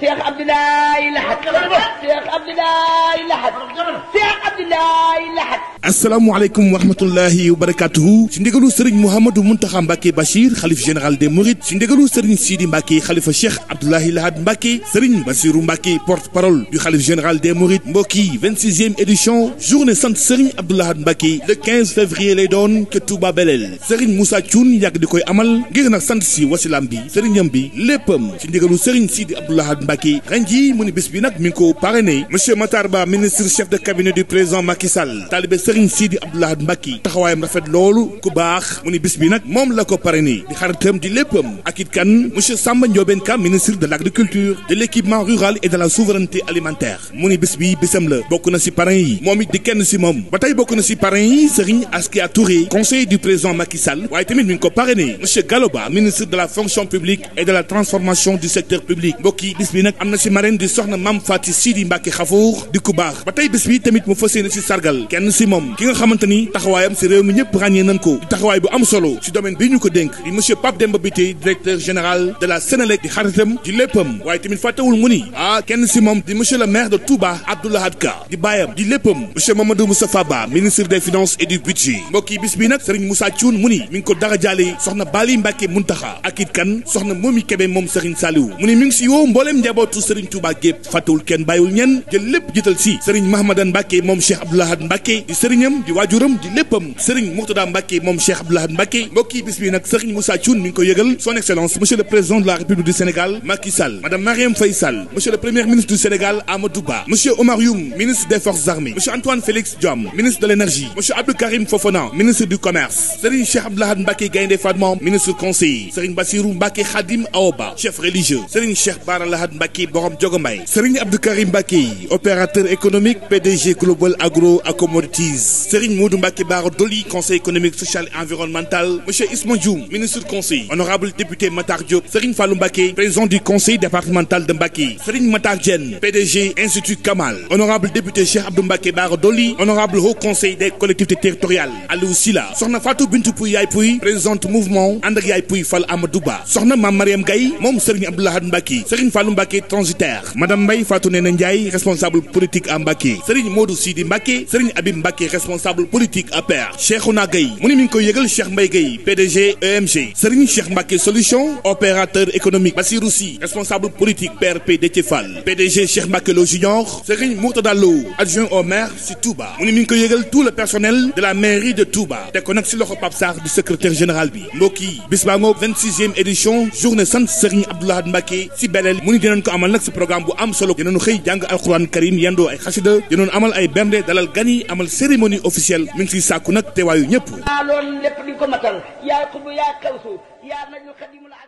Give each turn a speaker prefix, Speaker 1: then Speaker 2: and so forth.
Speaker 1: Cheikh Abdoulaye Lahad Cheikh Abdoulaye Lahad Cheikh Abdoulaye Lahad asalaamaaleykum wa rahmatullahi wa barakatuhu ci ndigalu sëriñ mouhamadou muntaxa mbàkke bachir xalif général des mourides ci ndigalu sëriñ siidi mbàkke xalifa cheikh abdoulahi lahad mbàkke sëriñ basiru mbàkke porte parole du xalif général des mourides mbokki 26e édition journée sant sëriñ abdoulahad mbàkke le 15 février lay doon ca touba beleel sëriñ moussa cuun yàgg di koy amal ngir nag sant si wasilam bi sëriñam bi léppam ci ndigalu sëriñ siidi abdoulahad mbàkke ren ji mu ni bis bi nag mi ngi ko parrainé monsieur matar ba ministre chef de cabinet du président Serigne Sidi Abdoul Ahad Mbacké taxawaayam rafet loolu ku baax mu ni bis bi nag moom la ko parrainé di xaritam di léppam ak it kan monsieur Samba Ndiobène ministre de l'agriculture de l'équipement rural et de la souveraineté alimentaire mu ni bis bi bisam la bokk na ci parrain yi moom it di kenn ci moom ba bokk na ci parrain yi Serigne Askia Touré conseiller du président Macky waaye tamit mi ngi ko parrainé monsieur Galoba ministre de la fonction publique et de moom ki nga xamante ni taxawaayam si réew mi ñëpp ràññee nañ ko taxawaay bu am solo si domaine bi ñu ko dénk di monsieur Pape Demba Bitèye directeur général de la Sénélec di xaritam di léppam waaye tamit fàttewul mu ni ah kenn si moom di monsieur le maire de Touba Abdoulahad Ka di baayam di léppam monsieur Mamadou Moustapha Ba ministre des finances et du budget mbokk bis bi nag Serigne Moussa Thioune mu ni mi ko dara jaale soxna Bali Mbacke Muntaxa ak sëriñam di waajuram di léppam sëriñ Mourtada Mbacke moom Cheikh Abdou Lahad mbokki bis bi nag sëriñ Moussa Thioune ko yëgal son excellence monsieur le président de la république du Sénégal Macky madame Marième Faye monsieur le premier ministre du Sénégal Amadou Ba monsieur Oumar ministre des forces armées monsieur Antoine Félix Diome ministre du commerce sëriñ Cheikh Abdou Lahad Mbacke Gaïndé Fatma ministre conseiller sëriñ Bassirou Mbacke entreprise Serigne Modou Mbacké Bara Dolly conseil économique social et environnemental monsieur Isma Dioum ministre conseil honorable député Matar Diop Serigne Fallou président du conseil départemental de Mbacké Serigne Matar PDG Institut Kamal honorable député Cheikh Abdou Mbacké Bara Dolly honorable haut conseil des collectivités territoriales Aliou Sila soxna Fatou Bintou Pouy Yaay Pouy présidente mouvement ànd ak Yaay Pouy Fall Amadou soxna Mame Mariam Gaye moom responsable politique APR Cheikhouna Gaye mu ni mi ngi koy yëgal Cheikh Mbaye Gaye PDG EMG Serigne Cheikh Mbacké solution opérateur économique Bassirou Sy responsable politique PRP Déthié Fall PDG Cheikh Mbacké Lo Junior Serigne Mourtada Lo au maire si Touba mu ni mi ngi ko yëgal tout le personnel de la mairie de Touba teg ko loxo Pape du secrétaire général bi mbokk yi bis baa ngoog 26e édition sant Serigne Abdoulahad Mbacké si Belel mu ni dinañ am solo dinañu xëy jàng alxuraan cérémonie officielle mi ngi siy sàkku nag teewaayu ñëpp. maa loon